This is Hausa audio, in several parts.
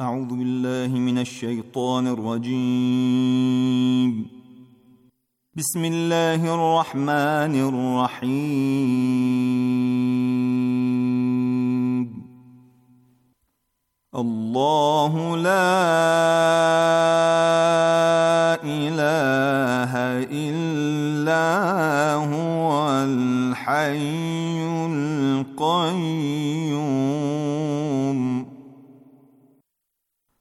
أعوذ بالله من الشيطان الرجيم بسم الله الرحمن الرحيم الله لا إله إلا هو الحي القيوم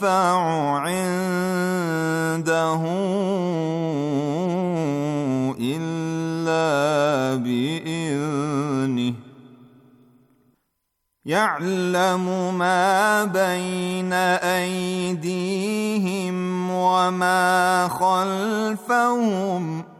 يشفع عنده إلا بإذنه يعلم ما بين أيديهم وما خلفهم ۖ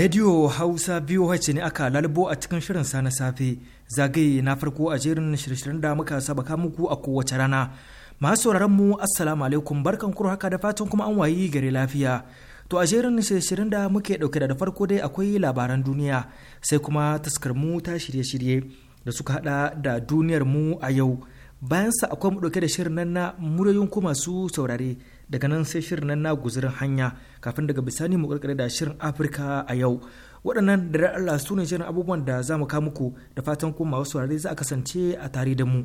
Radio Hausa biyu VOH ne aka lalbo a cikin shirin sa na safe zagaye na farko a jerin shirye da muka saba sabaka muku a kowace rana. Masu sauraron mu assalamu alaikum barkan kuro haka da fatan kuma an wayi gare lafiya. To a jerin shirye da muke dauke da farko dai akwai labaran duniya sai kuma taskar mu ta shirye-shirye da suka hada da duniyar mu a yau. bayan sa akwai mu dauke da shirin nan na muryoyin ku masu saurare daga nan sai shirin nan na guzurin hanya kafin daga bisani mu karkare da shirin Afirka a yau waɗannan da Allah su ne shirin abubuwan da za mu kawo muku da fatan ku masu saurare za a kasance a tare da mu.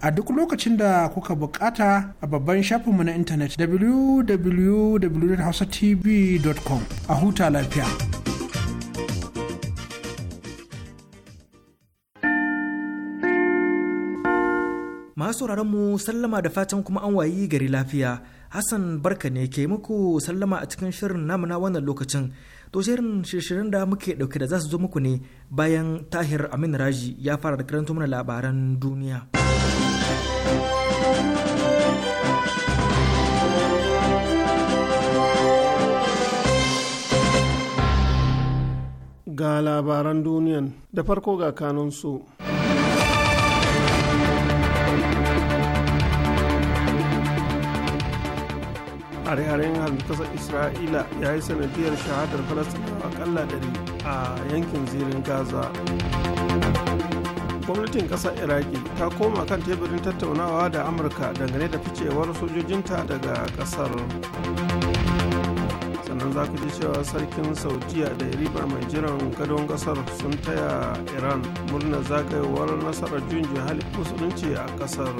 a duk lokacin da kuka bukata a babban shafinmu na intanet www.hausatv.com a huta lafiya. Masu mu sallama da fatan kuma an wayi gari lafiya. Hassan barka ne ke muku sallama a cikin shirin namuna wannan lokacin. To shirin shirin da muke dauke da za su zo muku ne bayan Tahir Amin Raji ya fara da karanta mana labaran duniya. ga labaran duniyan da farko ga kanunsu. hare-haren halittarsa isra'ila ya yi sanadiyar shahadar falastinawa akalla dari a yankin zirin gaza gwamnatin ƙasar iraki ta koma kan teburin tattaunawa da amurka dangane da ficewar sojojinta daga ƙasar. sannan za ku ji cewa sarkin saudiya da ribar mai jiran gadon kasar sun taya iran murnar zagayowar nasarar juyin jihar musulunci a kasar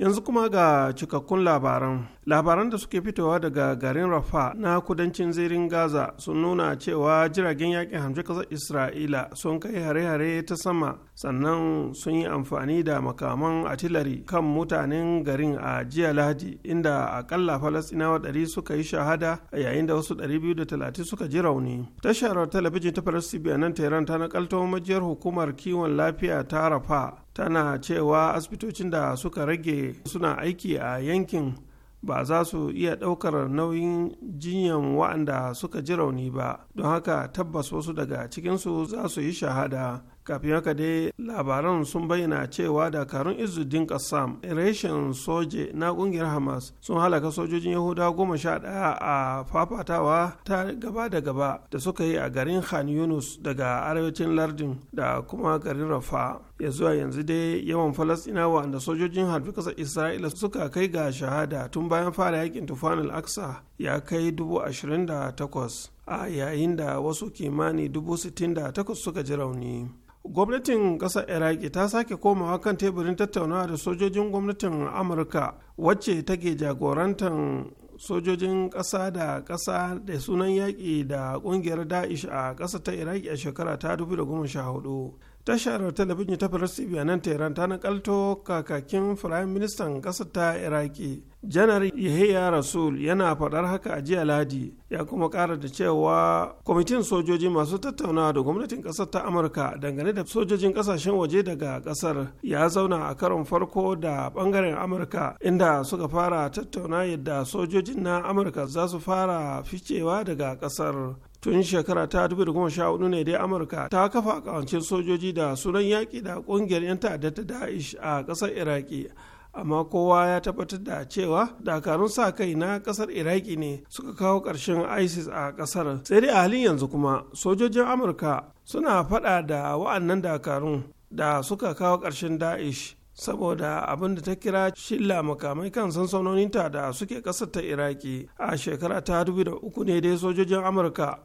yanzu kuma ga cikakkun labaran labaran da suke fitowa daga garin rafa na kudancin zirin gaza sun nuna cewa jiragen yakin hamshe kasar isra'ila sun kai hare-hare ta sama sannan sun yi amfani da makaman atilari kan mutanen garin a jiya lahadi inda akalla falasinawa 100 suka yi shahada a yayin da wasu biyu da talatin suka ji rauni tashar talabijin ta falasɗin a nan tehran ta nakalto majiyar hukumar kiwon lafiya ta rafa tana cewa asibitocin da suka rage suna aiki a yankin ba za su iya ɗaukar nauyin jinyan wa'anda suka ji rauni ba don haka tabbas wasu daga cikinsu za su yi shahada kafin haka dai labaran sun bayyana cewa dakarun izudin kassam reshen soje na kungiyar hamas sun halaka sojojin yahuda goma sha daya a fafatawa ta gaba da gaba da suka yi a garin khan yunus daga arewacin lardin da kuma garin rafa ya zuwa yanzu dai yawan falasɗinawa da sojojin harbi ƙasar isra'ila suka kai ga shahada tun bayan fara yakin tufan aksa ya kai dubu ashirin da takwas a yayin da wasu kimani dubu sittin da takwas suka ji rauni gwamnatin ƙasar iraki ta sake komawa kan teburin tattaunawa da sojojin gwamnatin amurka wacce take jagorantar sojojin ƙasa da ƙasa da sunan yaƙi da ƙungiyar da'ish a ƙasa ta iraki a shekara ta 2014 tashar talabijin ta faransa bayanan tehran ta nakalto kakakin firayim ministan ƙasar ta iraki janar yahya rasul yana faɗar haka a jiya ladi ya kuma ƙara da cewa kwamitin sojoji masu tattaunawa da gwamnatin ƙasar ta amurka dangane da sojojin ƙasashen waje daga ƙasar ya zauna a karon farko da ɓangaren amurka inda suka fara tattauna yadda sojojin na amurka za su fara ficewa daga ƙasar tun shekara ta 2014 ne dai amurka ta kafa kawancin sojoji da sunan yaƙi da ƙungiyar 'yan ta'adda ta da'ish a ƙasar iraki amma kowa ya tabbatar da cewa dakarun sa kai na ƙasar iraki ne suka kawo ƙarshen isis a ƙasar. sai dai a halin yanzu kuma sojojin amurka suna faɗa da wa'annan dakarun da suka kawo ƙarshen da'ish saboda abin da ta kira shilla makamai kan sansanoninta da suke ƙasar ta iraki a shekara ta 2003 ne dai sojojin amurka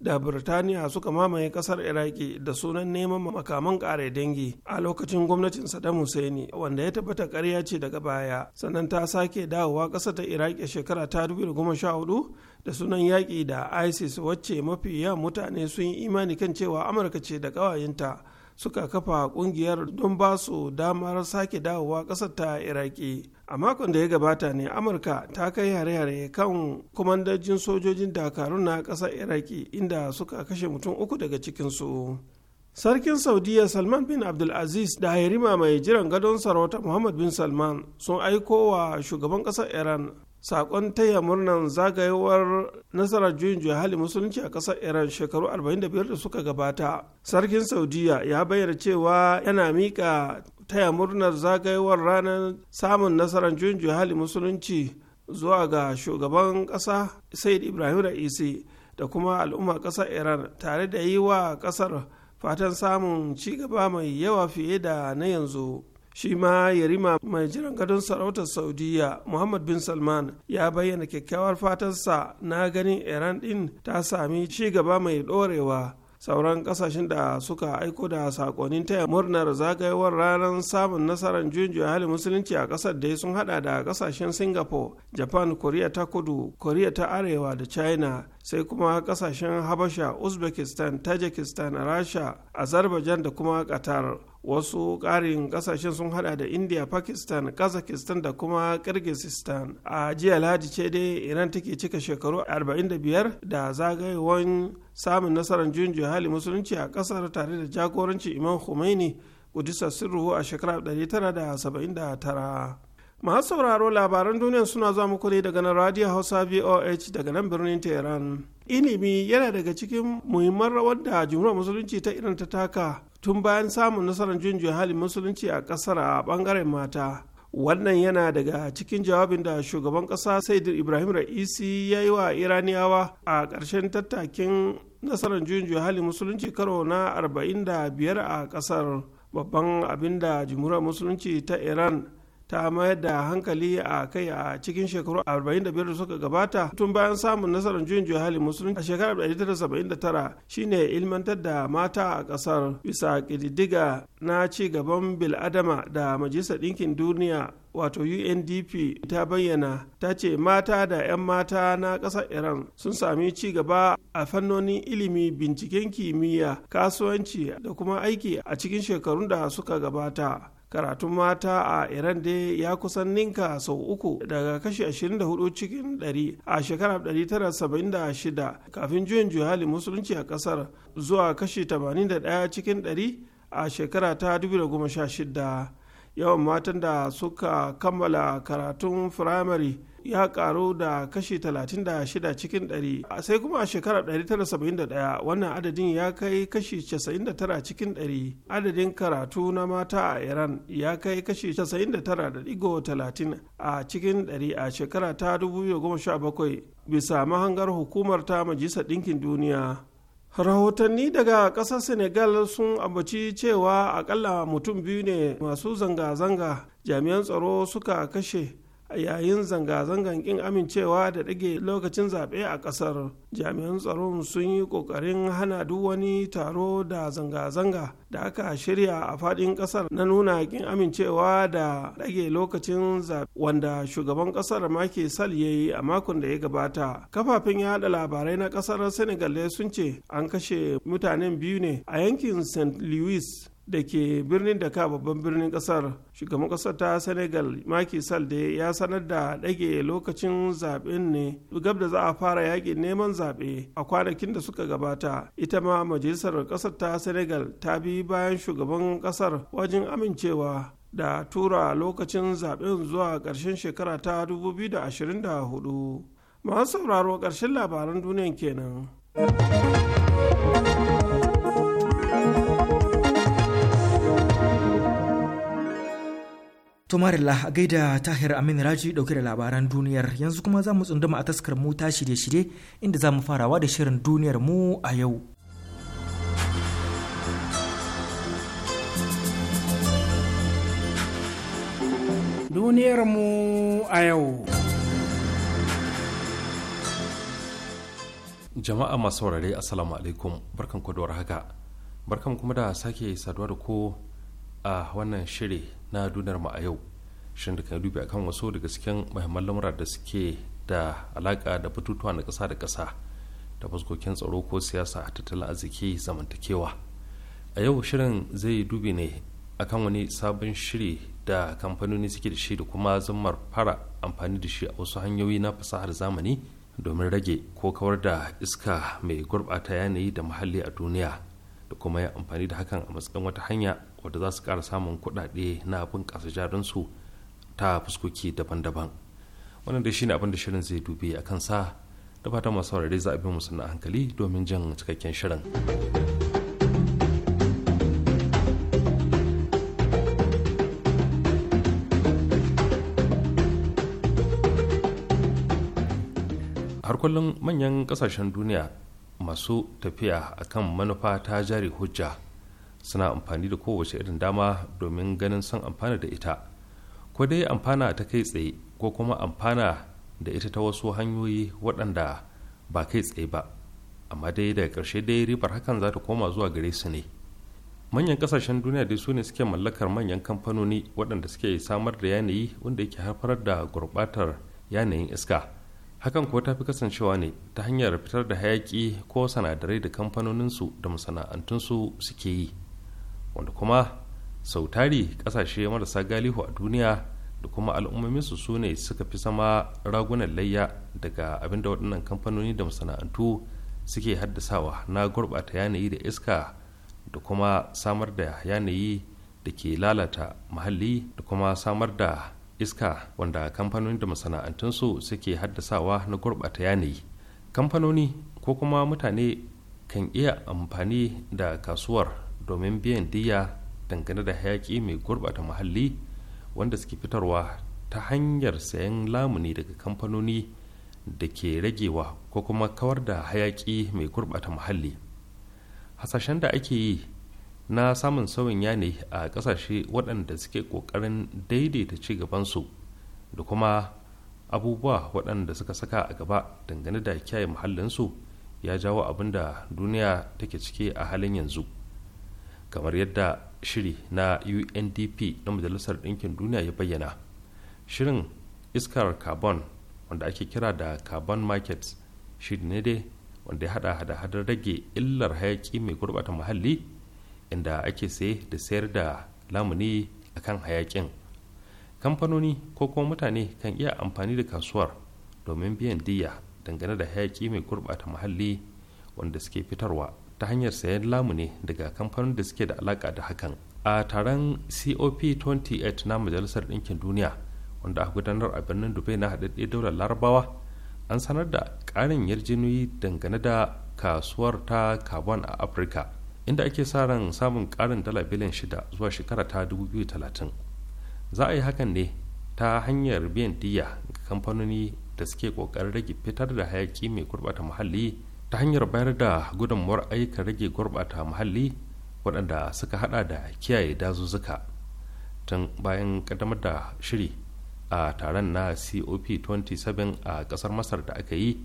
da birtaniya suka mamaye kasar iraki da sunan neman makaman kare dangi a lokacin gwamnatin saddam husaini wanda ya tabbata karya ce daga baya sannan ta sake dawowa ƙasar ta iraki shekara ta 2014 da sunan yaƙi da isis wacce mafi yawan mutane sun yi imani kan cewa amurka ce da ƙawayenta suka kafa ƙungiyar don ba su damar sake dawowa ƙasar ta iraki a makon da ya gabata ne amurka ta kai yare-yare kan kumandajin sojojin dakarun na ƙasar iraki inda suka kashe mutum uku daga cikinsu sarkin saudiya salman bin abdulaziz da hairima mai jiran gadon sarauta muhammad bin salman sun aiko wa shugaban ƙasar iran saƙon taya murnan zagayowar nasarar juyin juya hali musulunci a ƙasar iran shekaru 45 da suka gabata sarkin saudiya ya bayyana cewa yana miƙa taya murnar zagayowar ranar samun nasarar junjun hali musulunci zuwa ga shugaban ƙasa said ibrahim ra'isi da kuma al'ummar ƙasar iran tare da yi wa ƙasar fatan samun ci gaba mai yawa fiye da na yanzu shi ma yarima mai jiran gadon sarautar saudiya muhammad bin salman ya bayyana kyakkyawar fatansa na ganin iran din ta sami ci gaba mai ɗorewa sauran kasashen da suka aiko da sakonin taya murnar zagayowar ranar samun nasarar juyin hali musulunci a kasar da sun hada da kasashen singapore japan korea ta kudu korea ta arewa da china sai kuma kasashen habasha uzbekistan tajikistan rasha azerbaijan da kuma qatar wasu ƙarin ƙasashen sun hada da india pakistan kazakistan da kuma kirgisistan a jiya lahadi ce dai iran take cika shekaru 45 da zagayewan samun nasarar juyin hali musulunci a ƙasar tare da jagorancin imam khomeini kudisa sirruhu a shekarar 1979 masu sauraro labaran duniya suna zuwa muku ne daga radio hausa voh daga nan birnin tehran ilimi yana daga cikin muhimman rawar da jumhuriyar musulunci ta irin ta taka tun bayan samun nasarar junjin halin musulunci a kasar a bangaren mata wannan yana daga cikin jawabin da shugaban ƙasa saidir ibrahim ra'isi ya yi wa iraniyawa a ƙarshen tattakin nasarar junjin halin musulunci karo na 45 a kasar babban abin da jimhuriyar musulunci ta iran ta mayar da hankali a kai a cikin shekaru 45 da suka gabata tun bayan samun nasarar juyin juya hali musulunci a shekarar 1979 shine ilmantar da mata a kasar bisa ƙididdiga na ci gaban biladama da majalisar ɗinkin duniya wato undp ta bayyana ta ce mata da 'yan mata na ƙasar iran sun sami ci gaba a fannonin ilimi binciken kimiyya kasuwanci da kuma aiki a cikin shekarun da suka gabata karatun mata a iran dai ya kusan ninka sau uku daga kashi 24 cikin 100 a shekarar 1976 kafin juyin juhali musulunci a kasar zuwa kashi 81 cikin 100 a shekara ta 2016 yawan matan da suka kammala karatun firamare ya karu da kashi 36 cikin 100 sai kuma a shekarar 1971 wannan adadin ya kai kashi 99 cikin 100 adadin karatu na mata a iran ya kai kashi 99.30 a cikin 100 a shekara ta 2017 bisa mahangar hukumar ta majalisar ɗinkin duniya rahotanni daga ƙasar senegal sun ambaci cewa akalla mutum biyu ne masu zanga-zanga jami'an tsaro suka kashe yayin zanga-zangan kin amincewa da ɗage lokacin zaɓe a ƙasar jami'an tsaron sun yi ƙoƙarin hana duk wani taro da zanga-zanga da aka shirya a faɗin ƙasar na nuna kin amincewa da ɗage lokacin zaɓe wanda shugaban ƙasar ma sal ya yi a makon da ya gabata kafafen yaɗa labarai na ƙasar Senegal sun ce an kashe mutanen biyu ne a yankin St. Louis da ke birnin daka babban birnin kasar shugaban kasar ta senegal maki sal da ya sanar da ɗage lokacin zaben ne gab da za a fara yakin neman zaɓe a kwanakin da suka gabata ita ma majalisar kasar ta senegal ta bi bayan shugaban kasar wajen amincewa da tura lokacin zaben zuwa ƙarshen shekara ta 2024 masu sauraro ƙarshen labaran duniyan kenan. la a gaida Tahir Amin Raji dauke da labaran duniyar yanzu kuma za mu tsunduma a taskar mu ta shirye-shirye inda za mu farawa da shirin duniyar mu a yau. Duniyar mu a yau. Jama'a masu saurare Assalamu alaikum barkan haka barkan kuma da sake saduwa da ku a wannan shiri na dunar mu a yau shin da kan dubi akan wasu daga cikin muhimman lamura da suke da alaka da batutuwa na ƙasa da kasa da fuskokin tsaro ko siyasa tattalin arziki zamantakewa a yau shirin zai dubi ne akan wani sabon shiri da kamfanoni suke da shi da kuma zammar fara amfani da shi a wasu hanyoyi na fasahar zamani domin rage ko kawar da iska mai gurɓata yanayi da muhalli a duniya da kuma ya amfani da hakan a matsayin wata hanya wadda za su ƙara samun kuɗaɗe na bunƙasa jarinsu ta fuskoki daban-daban wannan da shine abin da shirin zai dube a sa da fatan masu saurare za a bi musu na hankali domin jan cikakken shirin har kullum manyan kasashen duniya masu tafiya a kan manufa ta jari hujja suna amfani da kowace irin dama domin ganin son amfana da ita ko dai amfana ta kai tsaye ko kuma amfana da ita ta wasu hanyoyi waɗanda ba kai tsaye ba amma dai daga ƙarshe dai ribar hakan za ta koma zuwa gare su ne manyan ƙasashen duniya dai su ne suke mallakar manyan kamfanoni waɗanda suke samar da yanayi wanda yake haifar da gurɓatar yanayin iska hakan kuwa ta fi kasancewa ne ta hanyar fitar da hayaki ko sanadarai da kamfanoninsu da masana'antunsu suke yi wanda kuma sau tari kasashe marasa galihu a duniya da kuma al'ummominsu su ne suka fi sama ragunan layya daga abin da waɗannan kamfanoni da masana'antu suke haddasawa na gurɓata yanayi da iska da kuma samar da yanayi da ke lalata muhalli da kuma samar da iska wanda kamfanoni da masana'antunsu suke haddasawa na gurɓata yanayi kamfanoni ko kuma mutane kan iya amfani da kasuwar domin biyan diya dangane da hayaƙi mai gurɓata muhalli wanda suke fitarwa ta hanyar sayan lamuni daga kamfanoni da ke ragewa ko kuma kawar da hayaƙi mai gurɓata muhalli hasashen da ake yi na samun sauyin yanayi a ƙasashe waɗanda suke ƙoƙarin daidaita ci gabansu da kuma abubuwa waɗanda suka saka a gaba dangane da kyaye muhallinsu ya jawo abin da duniya take ciki a halin yanzu kamar yadda shiri na undp na majalisar ɗinkin duniya ya bayyana shirin iskar carbon wanda ake kira da carbon markets shiri ne dai wanda ya hada hada rage illar hayaki mai gurɓata muhalli inda ake saye da sayar da lamuni a kan hayakin kamfanoni ko kuma mutane kan iya amfani da kasuwar domin biyan diya dangane da hayaki mai gurɓata muhalli wanda suke fitarwa ta hanyar sayan lamuni daga kamfanin da suke da alaƙa da hakan a taron cop 28 na majalisar ɗinkin duniya wanda a gudanar a birnin dubai na haɗaɗɗe daular larabawa an sanar da ƙarin yarjinoyi dangane da kasuwar ta carbon a afirka inda ake sa ran samun karin dala biliyan shida zuwa shekara ta 2030 za a yi hakan ne ta hanyar biyan diya ga kamfanoni da suke kokarin rage fitar da hayaki mai gurbata muhalli ta hanyar bayar da gudunmuwar ayyukan rage gurbata muhalli waɗanda suka hada da kiyaye dazuzzuka tun bayan kaddamar da shiri a taron na cop 27 a ƙasar masar da aka yi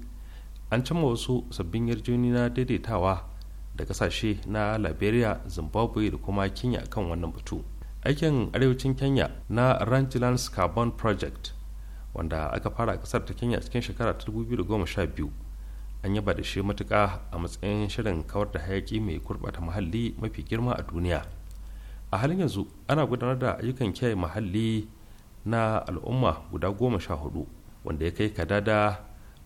an cimma wasu sabbin yarjejeniya daidaitawa da kasashe na liberia zimbabwe da kuma kenya kan wannan batu aikin arewacin kenya na rangelands carbon project wanda aka fara a kasar ta kenya cikin shekara 2012 an yaba da shi matuka a matsayin shirin kawar da hayaki mai kurbata muhalli mafi girma a duniya a halin yanzu ana gudanar da ayyukan kiyaye muhalli na al'umma guda goma sha hudu wanda ya kai kadada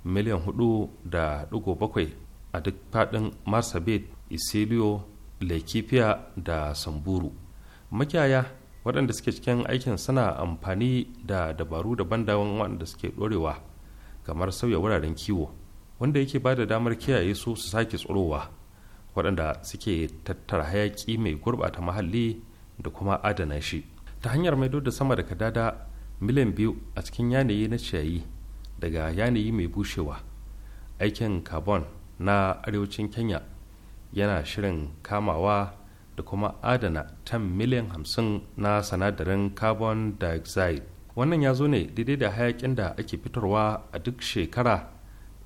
miliyan hudu da dugo bakwai a duk faɗin marsabit isilio laikifiya da samburu makiyaya waɗanda suke cikin aikin suna amfani da dabaru daban-daban waɗanda suke ɗorewa kamar sauya wuraren kiwo wanda yake ba da damar kiyaye su su sake tsorowa waɗanda suke tattara hayaƙi mai gurɓata muhalli da kuma adana shi ta hanyar maido da sama da kadada miliyan biyu a cikin yanayi na ciyayi daga yanayi mai bushewa aikin carbon na arewacin kenya yana shirin kamawa da kuma adana tan miliyan hamsin na sanadarin carbon dioxide wannan ya zo ne daidai da hayakin da ake fitarwa a duk shekara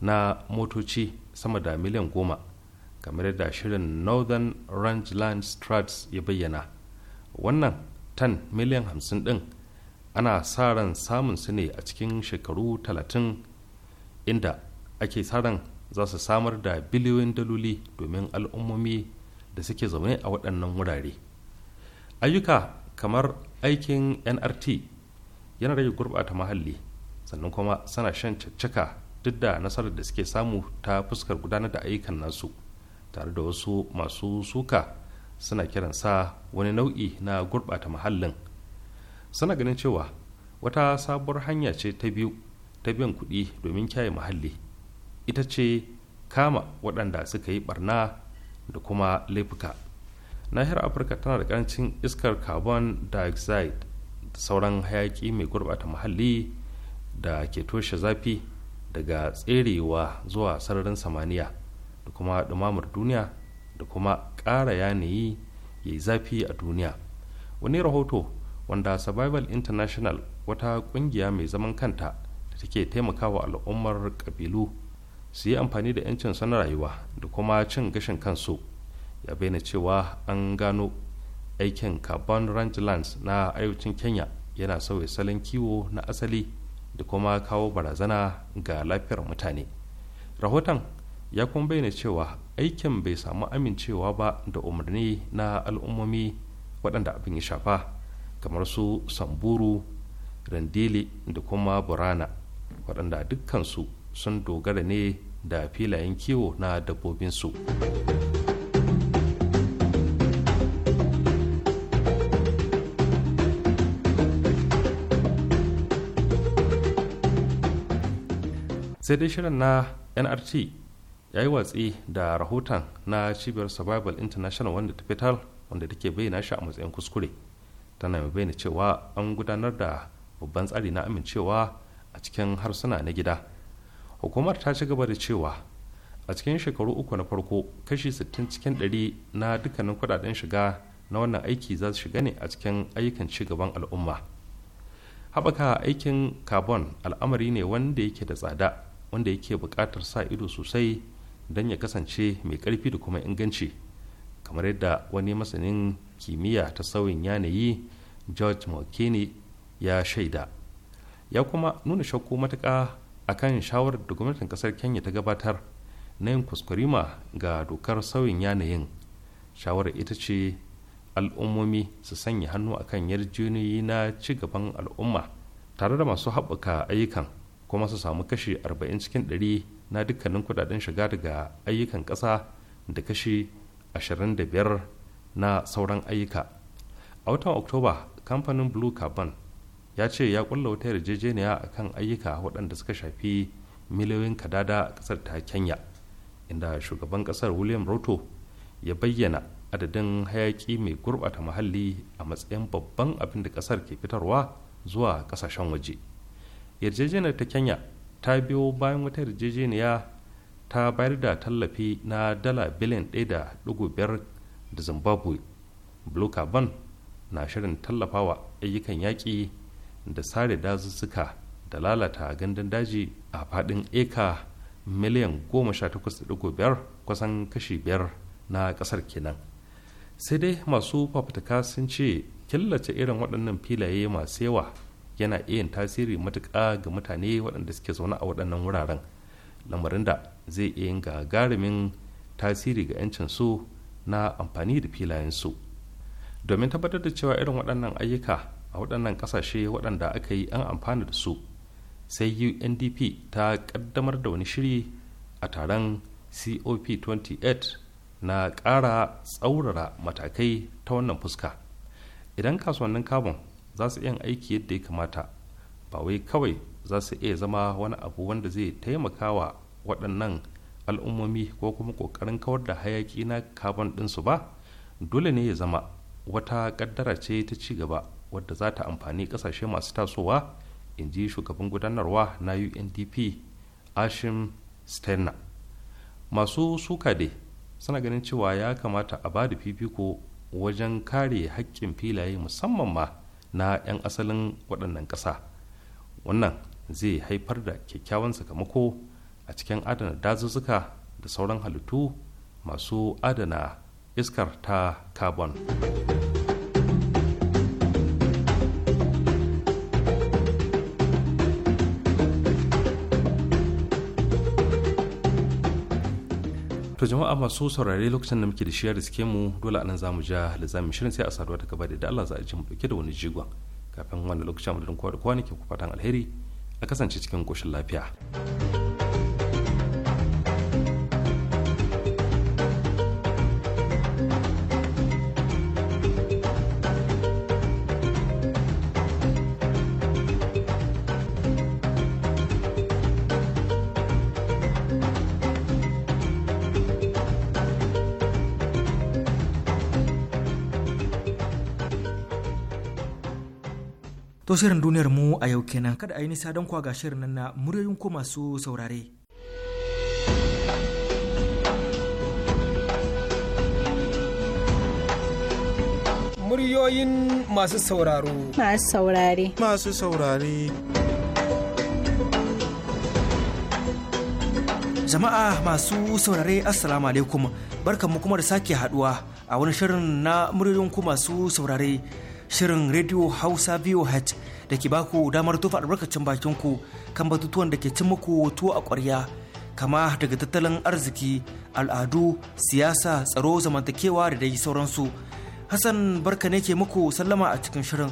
na motoci sama da miliyan goma kamar yadda shirin northern rangeland strats ya bayyana wannan tan miliyan hamsin din ana sa ran samun su ne a cikin shekaru talatin inda ake sa ran za su samar da biliyoyin daloli domin al'ummomi da suke zaune a waɗannan wurare ayyuka kamar aikin nrt yana rage gurɓata muhalli sannan kuma suna shan caccaka duk da nasarar da suke samu ta fuskar gudanar da ayyukan nasu tare da wasu masu suka suna kiran sa wani nau'i na gurɓata muhallin suna ganin cewa wata sabuwar hanya ce ta biyu ta biyan kuɗi domin kyaye muhalli ita ce kama waɗanda suka yi barna da kuma laifuka nahiyar afirka tana da ƙarancin iskar carbon dioxide da sauran hayaƙi mai gurɓata muhalli da ke toshe zafi daga tserewa zuwa sararin samaniya da kuma ɗumamar duniya da kuma ƙara yanayi ya yi zafi a duniya wani rahoto wanda survival international wata ƙungiya mai zaman kanta da take taimakawa al'ummar ƙabilu su yi amfani da 'yancin sana rayuwa da kuma cin gashin kansu ya bayyana cewa an gano aikin carbon rangelands na ayyucin kenya yana sauya salon kiwo na asali da kuma kawo barazana ga lafiyar mutane rahoton ya kuma bayyana cewa aikin bai samu amincewa ba da umarni na al'ummomi waɗanda abin ya shafa kamar su samburu randili da kuma burana waɗanda dukkansu sun dogara ne da filayen kiwo na dabbobinsu sai dai shirin na nrt ya yi watsi da rahoton na cibiyar survival international wanda ta fitar wanda take bayyana shi a matsayin kuskure tana mai bayyana cewa an gudanar da babban tsari na amincewa a cikin harsuna na gida hukumar ta ci gaba da cewa a cikin shekaru uku na farko kashi 60 cikin 100 na dukkanin kudaden shiga na wannan aiki za su shiga ne a cikin ayyukan ci gaban al'umma haɓaka aikin carbon al'amari ne wanda yake da tsada wanda yake buƙatar sa ido sosai don ya kasance mai ƙarfi da kuma inganci kamar yadda wani masanin kimiyya ta sauyin yanayi george mckinney ya shaida ya kuma nuna shakku matuƙa akan shawarar da gwamnatin kasar kenya ta gabatar na yin kuskurima ga dokar sauyin yanayin shawarar ita ce al'ummomi su sanya hannu akan yarjejeniyoyi na ci gaban al'umma tare da masu haɓaka ayyukan kuma su samu kashi 40 cikin 100 na dukkanin kudaden shiga daga ayyukan ƙasa da kashi 25 na sauran ayyuka a watan oktoba kamfanin blue carbon ya ce ya kulla wata yarjejeniya a kan ayyuka waɗanda suka shafi miliyoyin kadada a ƙasar ta kenya inda shugaban ƙasar william ruto ya bayyana adadin hayaƙi mai gurɓata muhalli a matsayin babban abin da ƙasar ke fitarwa zuwa ƙasashen waje yarjejeniyar ta kenya ta biyo bayan wata yarjejeniya ta bayar da tallafi na dala biliyan ɗaya da zimbabwe blue carbon na shirin tallafawa ayyukan yaƙi da sare dazuzzuka da lalata gandun daji a faɗin eka miliyan 18.5 kusan kashi biyar na ƙasar kenan sai dai masu fafutuka sun ce killace irin waɗannan filaye masu yawa yana iya tasiri matuƙa ga mutane waɗanda suke zaune a waɗannan wuraren lamarin da zai iya yin gagarumin tasiri ga 'yancinsu na amfani da filayensu domin tabbatar da cewa irin waɗannan ayyuka a waɗannan ƙasashe waɗanda aka yi an amfana da su sai undp ta ƙaddamar da wani shiri a taron cop 28 na ƙara tsaurara matakai ta wannan fuska idan kasuwannin carbon za su iya aiki yadda ya kamata ba wai kawai za su iya zama wani abu wanda zai taimaka wa waɗannan al'ummomi ko kuma ƙoƙarin kawar da hayaƙi na carbon ɗinsu ba dole ne ya zama wata ƙaddara ce ta ci gaba wadda za ta amfani kasashe masu tasowa in ji shugaban gudanarwa na undp ashim steiner masu suka dai suna ganin cewa ya kamata a ba da fifiko wajen kare haƙƙin filaye musamman ma na 'yan asalin waɗannan ƙasa wannan zai haifar da kyakkyawan sakamako a cikin adana dazuzzuka da sauran halittu masu adana iskar ta carbon. to jama'a masu saurare lokacin da muke da shiyar suke mu dole anan zamu ja lizamin shirin sai a saduwa ta gaba da Allah za a ji mu dauke da wani jigon kafin wannan lokacin mu da kowa da kowa ne ke ku fatan alheri a kasance cikin koshin lafiya. To shirin duniyar mu a yau kenan kada a yi nisa don kwa ga shirin nan na muryoyin ko masu saurare. Muryoyin masu sauraro. Masu saurare. Masu saurare. Jama'a masu saurare Assalamu alaikum barkanmu kuma da sake haduwa a wani shirin na muryoyin ku masu saurare. shirin Radio Hausa VOH da ke baku damar tufa albarkacin bakin ku kan batutuwan da ke cin muku tuwo a kwarya kama daga tattalin arziki, al'adu, siyasa, tsaro, zamantakewa da dai sauransu. Hassan barka ne ke muku sallama a cikin shirin.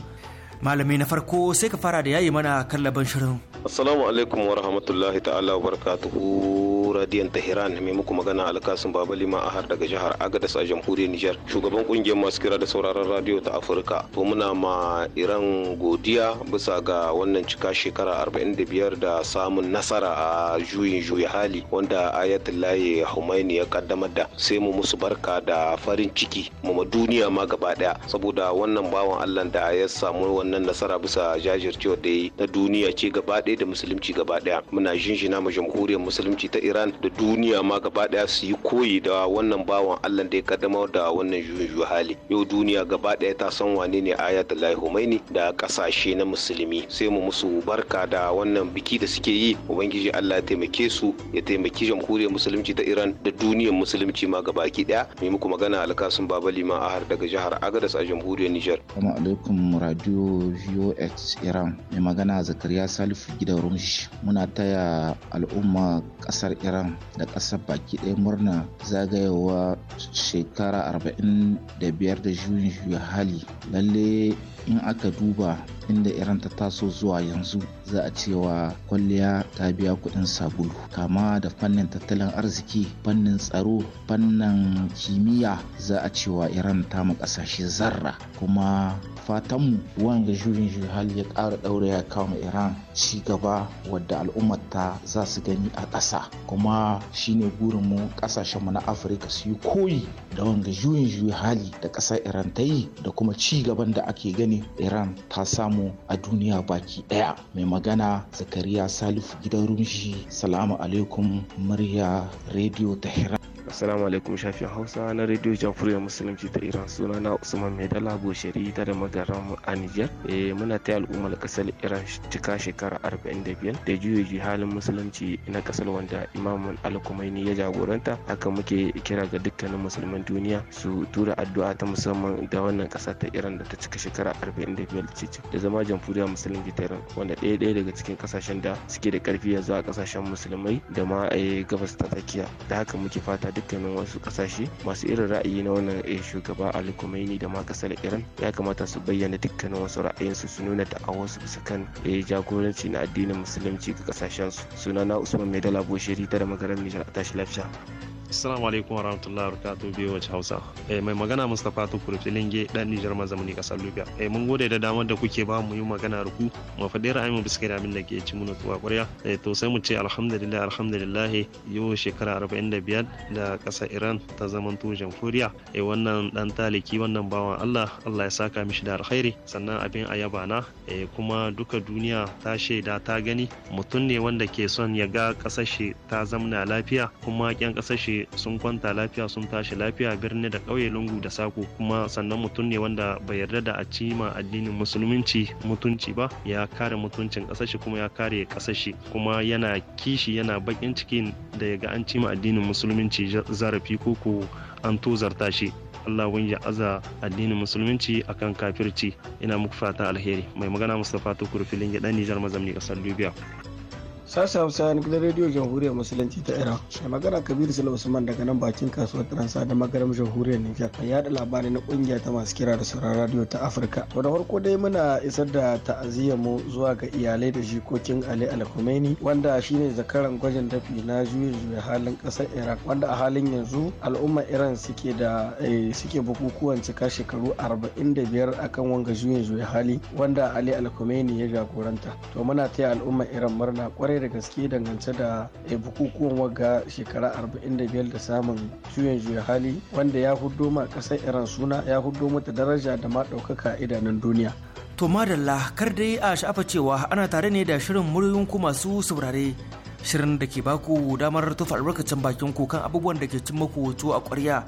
malami na farko sai ka fara da yayi mana kallaban shirin assalamu alaikum wa rahmatullahi ta'ala wa barakatuhu radiyan tahiran mai muku magana alkasin babali ma'ahar daga jihar agadas a jamhuriyar nijar shugaban kungiyar masu kira da sauraron radio ta afirka to muna ma iran godiya bisa ga wannan cika shekara 45 da samun nasara a juyin juya hali wanda ayatullahi humaini ya kaddamar da sai mu musu barka da farin ciki mu duniya ma gaba daya saboda wannan bawan allah da ya samu wannan nasara bisa jajircewar da yi na duniya ce gaba ɗaya da musulunci gaba ɗaya muna jinjina ma jamhuriyar musulunci ta iran da duniya ma gaba ɗaya su yi koyi da wannan bawan allah da ya kaddamar da wannan juyin hali yau duniya gaba ɗaya ta san wane ne ayatullahi humaini da ƙasashe na musulmi sai mu musu barka da wannan biki da suke yi ubangiji allah ya taimake su ya taimaki jamhuriyar musulunci ta iran da duniyar musulunci ma ki ɗaya mai muku magana alkasun babali ma daga jihar agadas a jamhuriyar nijar. Assalamu alaikum radio vox iran mai magana zakariya salifu gidan rumshi muna taya al'umma ƙasar iran da ƙasar baki ɗaya murna zagayewa shekara 45 da juyin juya hali lallai in aka duba inda iran ta taso zuwa yanzu za a cewa kwalliya ta biya kuɗin sabulu kama da fannin tattalin arziki fannin tsaro fannin kimiyya za a cewa iran ta mu kasashe zarra kuma fatanmu wanga juyin juyin hali ya ƙara ɗaure ya kama iran ci gaba wadda al'ummata za su gani a ƙasa kuma shine burinmu ƙasashenmu na afirka su yi koyi da wanga juyin juyin hali da ƙasar iran ta yi da kuma ci gaban da ake gani iran ta samu samu a duniya baki daya mai magana zakariya salifu gidan rumshi salamu alaikum murya radio tehran Assalamu alaikum shafi Hausa na Radio Jamhuriyar Musulunci ta Iran suna na Usman Maidala boshari ta da magaran a Niger. Eh muna ta al'ummar kasar Iran cika shekara 45 da juyoyi halin musulunci na kasar wanda Imam alkumaini ya jagoranta haka muke kira ga dukkanin musulman duniya su tura addu'a ta musamman da wannan kasa ta Iran da ta cika shekara 45 cici da zama Jamhuriyar Musulunci ta Iran wanda ɗaya ɗaya daga cikin kasashen da suke da karfi ya a kasashen musulmai da ma eh, gabas ta tsakiya da haka muke fata dukkanin wasu kasashe masu irin ra'ayi na wannan eh, shugaba ali Khomeini da ma kasar iran ya kamata su bayyana dukkanin wasu ra'ayin su su nuna su bisa kan eh, jagoranci na addinin musulunci ga kasashen su sunana usman maidala bosheri ta da magaran nijar a tashi lafiya Assalamu alaikum wa rahmatullahi wa barakatuhu biyu wacce Hausa. Eh, mai magana Mustapha Tukur Filinge dan Nijar mazamani kasar Libya. Eh, mun gode da damar da kuke ba mu yi magana da ku mu faɗi ra'ayi mu bisa abin da ke ci mu tuwa ƙwarya. Eh, to sai mu ce alhamdulillah alhamdulillah yau shekara arba'in da biyar da ƙasar Iran ta zaman to jamhuriya. Eh, wannan dan taliki wannan bawan Allah Allah ya saka mishi da alkhairi sannan abin ayaba na eh, kuma duka duniya ta shaida ta gani mutum ne wanda ke son ya ga ƙasashe ta zamana lafiya kuma ƙyan ƙasashe sun kwanta lafiya sun tashi lafiya birni da ƙauye lungu da sako kuma sannan mutum ne wanda bai yarda da a cima addinin musulunci mutunci ba ya kare mutuncin ƙasashe kuma ya kare ƙasashe kuma yana kishi yana baƙin cikin da ya ga an cima addinin musulunci zarafi ko an tozarta shi Allah wani ya aza addinin musulunci akan kafirci ina muku fata alheri mai magana Mustapha Tukur filin ya Nijar mazamni kasar Libya Sashen Hausa na gidan rediyo Jamhuriyar Musulunci ta Iran. Mai magana Kabiru Sula Usman daga nan bakin kasuwar Transa da magaram Jamhuriyar niger Mai yada labarai na kungiya ta masu kira da sauran radio ta Afirka. To da farko dai muna isar da ta'aziyyar mu zuwa ga iyalai da jikokin Ali Alkumaini wanda shine zakaran gwajin dafi na juyin juya halin kasar Iran wanda a halin yanzu al'ummar Iran suke da eh, suke bukukuwan cika shekaru 45 akan wanga juyin juya hali wanda Ali alkumeni ya jagoranta. To muna taya al'ummar Iran murna kwarai da da gaske dangance da eh, bukukuwan waga shekara 45 da samun juyin juya hali wanda ya hudo ma kasar iran suna ya hudo mata daraja da ma daukaka idanun duniya To madalla kar dai a sha'afa cewa ana tare ne da shirin muryoyin ku masu saurare shirin da ke baku damar tufa albarkacin bakin ku kan abubuwan da ke cin wato a kwarya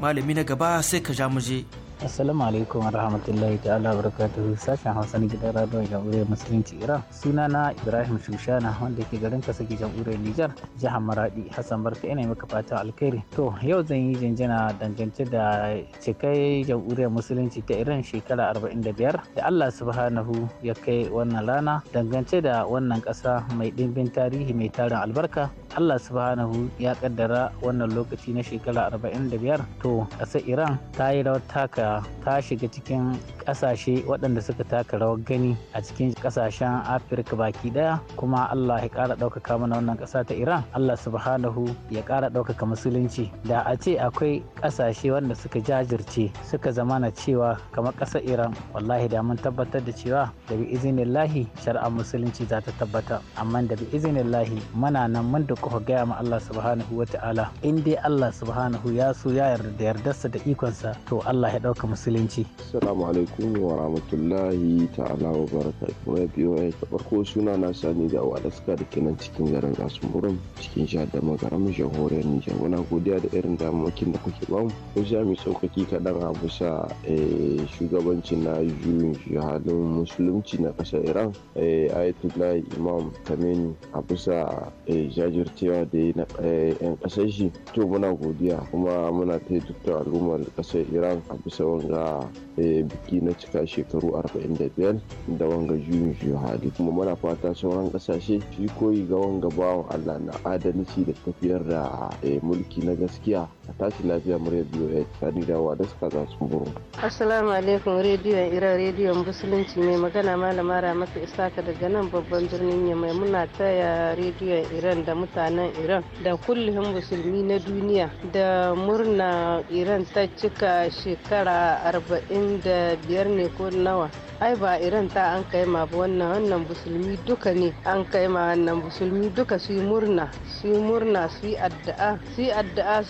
malami na gaba sai ka ja muje. je. Assalamu alaikum warahmatullahi ta'ala barakatuhu sashen Hausa na gidan radio jamhuriyar musulunci Iran suna na Ibrahim Shushana wanda ke garin kasa ke jamhuriyar Nijar jihar Maradi Hassan Barka ina maka fata alkhairi to yau zan yi jinjina dangance da cikai jamhuriyar musulunci ta Iran shekara 45 da Allah subhanahu ya kai wannan rana dangance da wannan kasa mai dimbin tarihi mai tarin albarka Allah subhanahu ya kaddara wannan lokaci na shekara 45 to kasar Iran ta yi rawar taka ta shiga cikin ƙasashe waɗanda suka taka rawar gani a cikin ƙasashen afirka baki ɗaya kuma allah ya ƙara ɗaukaka mana wannan ƙasa ta iran allah subhanahu ya ƙara ɗaukaka musulunci da a ce akwai ƙasashe wanda suka jajirce suka zamana cewa kamar ƙasar iran wallahi da mun tabbatar da cewa da bi lahi, shari'ar musulunci za ta tabbata amma da bi lahi, muna nan mun da kuka gaya ma allah subhanahu wa ta'ala in dai allah subhanahu ya so ya yarda da yardarsa da ikonsa to allah ya ɗaukar musulunci. Assalamu alaikum wa rahmatullahi ta'ala wa baraka. ya biyo ta farko suna na sani da wa daska da kenan cikin garin Asumurum cikin jihar da magaramin jamhuriyar Nijar. Muna godiya da irin damamakin da kuke bamu. Ko sha mai sauƙaƙi kaɗan a bisa eh, shugabancin na juyin jihadin musulunci na ƙasar Iran. Eh, Ayatollah Imam Kameni a bisa eh, jajircewa da na 'yan ƙasar shi. To muna godiya kuma muna ta dukkan al'ummar ƙasar Iran a bisa bisa wanga eh, biki na cika shekaru 45 da wanga juyin juyin hali kuma muna fata sauran kasashe shi koyi ga wanga bawan allah na adalci da tafiyar da eh, mulki na gaskiya a tashi lafiya mu biyu ya da wa da suka za su buru. Assalamu alaikum rediyon Iran rediyon musulunci mai magana malama Ramatu Isaka daga nan babban birnin mai muna taya rediyon Iran da mutanen Iran da kullum musulmi na duniya da murna Iran ta cika shekara arba'in da biyar ne ko nawa. Ai ba Iran ta an kai ma ba wannan wannan musulmi duka ne an kai ma wannan musulmi duka su yi murna su yi murna addu'a su yi addu'a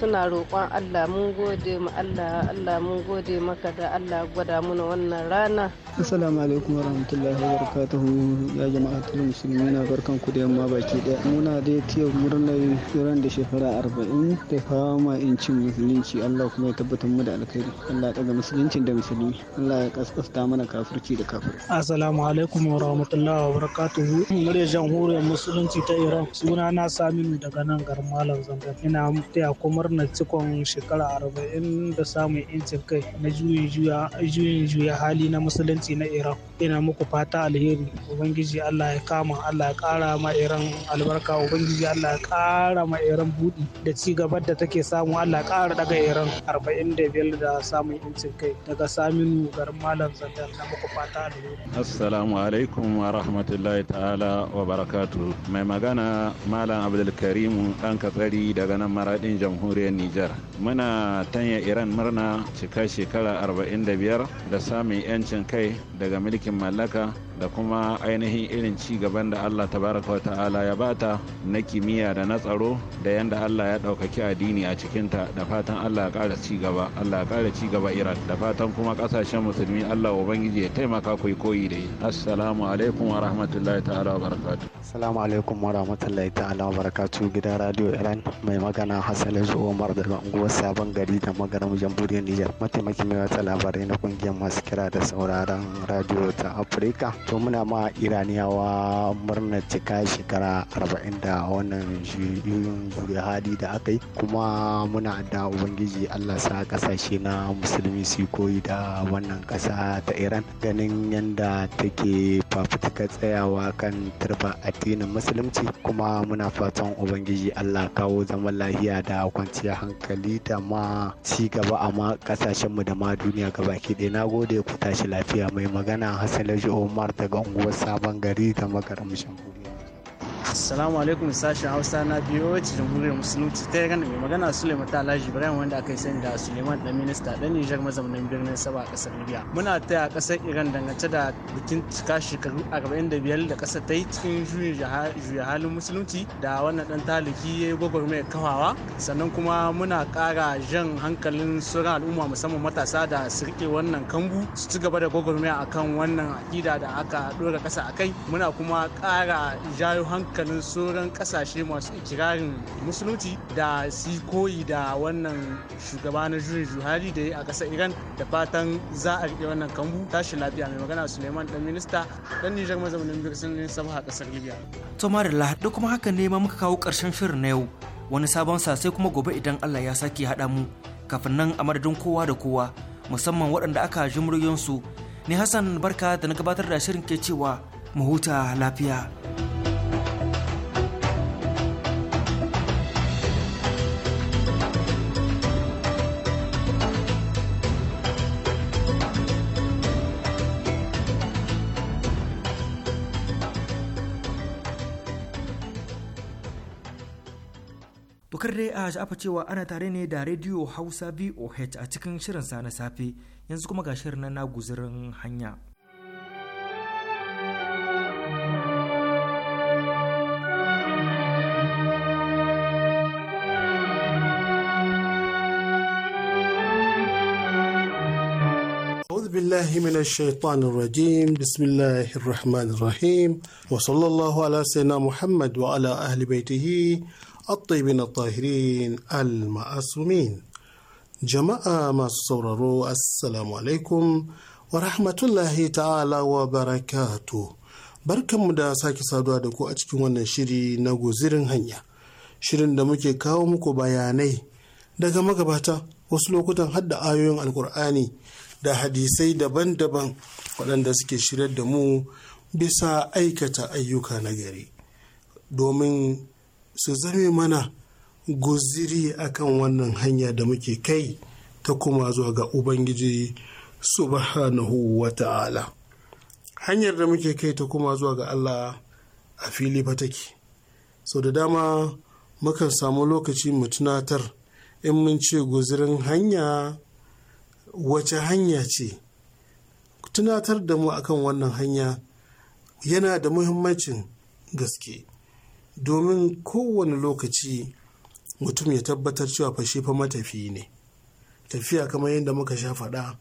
suna roƙon Allah mun gode mu Allah Allah mun gode maka da Allah gwada mana wannan rana. Assalamu alaikum warahmatullahi wabarakatuhu ya jama'atul muslimina barkan ku da yamma baki daya. Muna dai tiyo murnar ran da shekara arba'in da fama in cin musulunci Allah kuma ya tabbatar mu da alkhairi. Allah ya ɗaga musuluncin da musulmi. Allah ya kaskasta mana kafirci da kafir. Assalamu alaikum warahmatullahi wabarakatuhu. Muryar jamhuriyar musulunci ta Iran sunana Saminu daga nan garin Malam Zambar. Ina taya kuma na cikon shekara arba'in da samun 'yancin kai na juyin juya hali na musulunci na Iran. ina muku fata alheri ubangiji allah ya kama allah ya kara ma iran albarka ubangiji allah ya kara ma iran budi da ci gabar da take samu allah ya kara daga iran arba'in da samun yancin kai daga saminu garin malam zantar na muku fata alheri assalamu alaikum wa rahmatullahi ta'ala wa barakatu mai magana malam abdulkarim dan katsari daga nan maradin jamhuriyar nijar muna tanya iran murna cika shekara arba'in da da samun yancin kai daga mulki mulkin mallaka da kuma ainihin irin ci gaban da Allah tabaraka wa ta'ala ya bata na kimiyya da na tsaro da yanda Allah ya ɗaukaki addini a cikinta da fatan Allah ya ƙara ci gaba Allah ya ƙara ci gaba Iran da fatan kuma ƙasashen musulmi Allah ubangiji ya taimaka ku yi koyi da assalamu alaikum wa rahmatullahi ta'ala wa barakatuh assalamu alaikum wa rahmatullahi ta'ala wa barakatuh gida radio Iran mai magana Hassan Umar daga unguwar Sabon Gari da magaram Jamhuriyar Nijar mataimakin mai wata labarai na kungiyar masu kira da sauraron radio ta afirka to muna ma iraniyawa murnar cika shekara arba'in da wannan juyin juya hali da aka yi kuma muna da ubangiji allah sa kasashe na musulmi su koyi da wannan kasa ta iran ganin yadda take fafutukar tsayawa kan turba addinin musulunci kuma muna fatan ubangiji allah kawo zaman lafiya da kwanciyar hankali da ma ci gaba a ma mu da ma duniya gabaki ɗaya na gode ku tashi lafiya mai magana hassan laji umar daga unguwar sabon gari ta makarar mishan Assalamu alaikum sashen Hausa na BOH Jamhuriyar Musulunci ta yaga mai magana Suleiman Talaji Ibrahim wanda aka yi sani da Suleiman dan minista dan Nijar mazaunin birnin Saba a kasar Libya. Muna ta taya kasar Iran dangance da bikin cika shekaru 45 da kasar ta yi cikin juya halin musulunci da wannan dan taliki ya yi gwagwarmayar kawawa sannan kuma muna kara jan hankalin sauran al'umma musamman matasa da su rike wannan kambu su ci gaba da gwagwarmaya akan wannan akida da aka dora kasa kai muna kuma kara jayo hankali dukkanin sauran kasashe masu ikirarin musulunci da si koyi da wannan shugaba na juyin juhari da ya a kasar iran da fatan za a riƙe wannan kambu tashi lafiya mai magana suleiman dan minista dan nijar mazaunin birnin sabha ƙasar libya to marilla da kuma haka ne ma muka kawo ƙarshen shirin na yau wani sabon sa sai kuma gobe idan allah ya sake haɗa mu kafin nan a madadin kowa da kowa musamman waɗanda aka ji muryoyinsu ne hassan barka da na gabatar da shirin ke cewa mu huta lafiya. To kar dai a sha'afa cewa ana tare ne da rediyo Hausa VOH a cikin shirin sa na safe yanzu kuma ga shirin na guzurin hanya. أعوذ بالله من الشيطان الرجيم بسم الله الرحمن الرحيم وصلى الله على سيدنا محمد وعلى أهل بيته الطيبين الطاهرين المعصومين jama'a masu sauraro assalamu alaikum wa rahmatullahi ta'ala wa barakatu barkanmu da sake saduwa da ku a cikin wannan shiri na gozirin hanya shirin da muke kawo muku bayanai daga magabata wasu lokutan hadda ayoyin alkur'ani da hadisai daban-daban waɗanda suke shirar da mu bisa aikata ayyuka na gari domin su zame mana guziri akan wannan hanya da muke kai ta kuma zuwa ga ubangiji subhanahu wa ta'ala hanyar da muke kai ta kuma zuwa ga allah a fili fa take sau da dama mukan samu lokaci mu tunatar in mun ce guzirin hanya wace hanya ce tunatar da mu akan wannan hanya yana da muhimmancin gaske domin kowane lokaci mutum ya tabbatar cewa fa shi fa matafi ne tafiya kamar yadda muka sha faɗa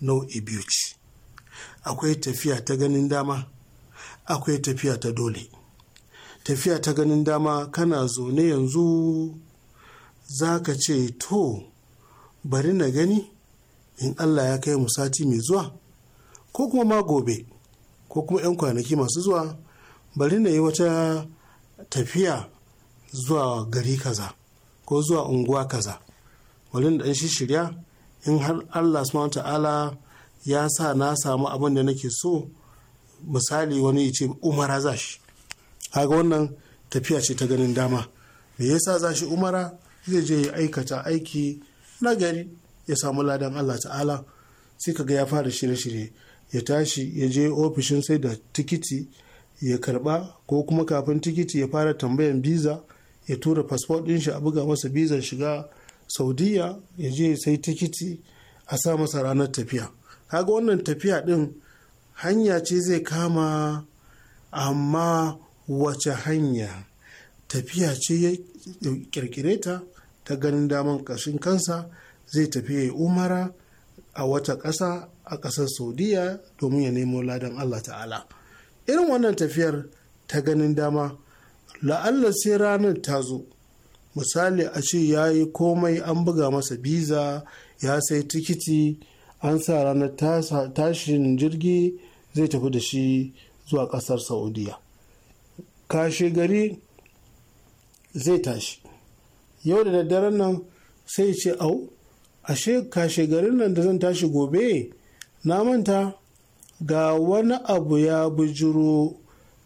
nau'i biyu ce akwai tafiya ta ganin dama akwai tafiya ta dole tafiya ta ganin dama kana zaune yanzu za ka ce to bari na gani in allah ya kai mu sati mai zuwa ko kuma ma gobe ko kuma 'yan kwanaki masu zuwa bari na yi wata tafiya zuwa gari kaza ko zuwa unguwa kaza walin da shi shirya in har allah subhanahu ta'ala ya sa na samu abin da nake so misali wani ya ce umara za shi haka wannan tafiya ce ta ganin dama me yasa za shi umara zai je ya aikata aiki na gari ya samu ladan allah ta'ala sai ga ya fara shirye-shirye ya tashi ya je ofishin sai da tikiti ya karba ko kuma kafin tikiti ya fara tambayan biza ya tura fasfot ɗin shi a buga masa bizan shiga saudiya ya je sai tikiti a sa masa ranar tafiya kaga wannan tafiya ɗin hanya ce zai kama amma wace hanya tafiya ce ya kirkire ta ta ganin daman ƙashin kansa zai tafi ya umara a wata ƙasa a ƙasar saudiya domin ya nemo ladan allah ta'ala irin wannan tafiyar ta ganin dama la'alla sai ranar ta zo misali a ce ya yi komai an buga masa biza ya sai tikiti an sa ranar tashin jirgi zai tafi da shi zuwa kasar saudiya kashe gari zai tashi yau da daddaren nan sai ce au ashe kashe garin nan da zan tashi gobe na manta ga wani abu ya bujuru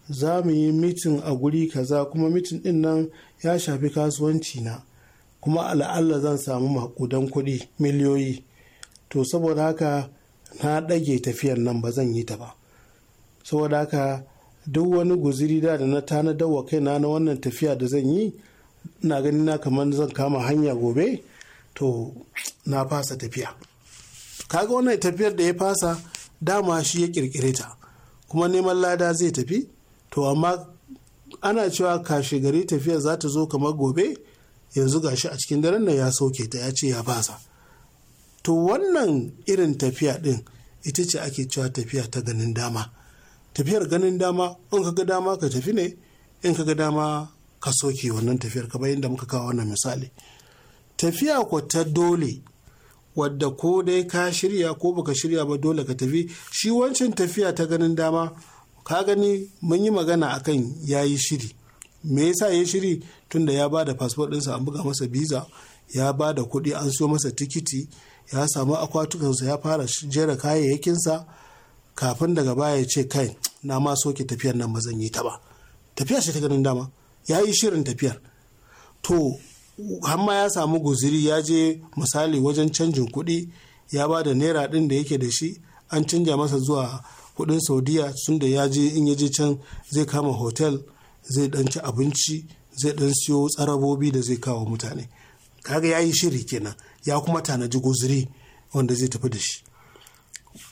za mu yi mitin a guri kaza kuma mitin din nan ya shafi kasuwanci na kuma al'alla zan samu makudan kuɗi miliyoyi to saboda haka na ɗage tafiyar nan ba zan yi ta ba saboda haka duk wani guziri da na tanadar wa kaina na wannan tafiya da zan yi na gani na kamar zan kama hanya gobe to na fasa tafiya kaga wannan tafiyar da ya fasa dama shi ya kirkire ta kuma neman lada zai tafi to amma ana cewa kashe gari tafiya za ta zo kamar gobe yanzu gashi a cikin daren nan ya sauke ta ya ce ya basa to wannan irin tafiya din ita ce ake cewa tafiya ta ganin dama tafiyar ganin dama in ka ga dama ka tafi ne in ka ga dama ka soke wannan tafiyar ka bayan da muka kawo wannan misali tafiya ko ta dole wadda ko dai ka shirya ko baka shirya ba dole ka tafi shi wancan tafiya ta ganin dama ka gani mun yi magana akan ya yi shiri me yasa ya shiri tunda ya ba da fasfot ɗinsa an buga masa biza ya ba da kuɗi an so masa tikiti ya samu akwatukansa ya fara jera kayayyakinsa kafin daga baya ya ce kai na ma soke tafiyar nan ba zan yi ta ba tafiya ce ta ganin dama ya yi shirin tafiyar to hamma ya samu guziri ya je misali wajen canjin kuɗi ya ba da naira ɗin da yake da shi an canja masa zuwa kuɗin saudiya sun da ya je in ya je can zai kama hotel zai ɗan ci abinci zai ɗan siyo tsarabobi da zai kawo mutane kaga ya yi shiri kenan ya kuma tanaji guziri wanda zai tafi da shi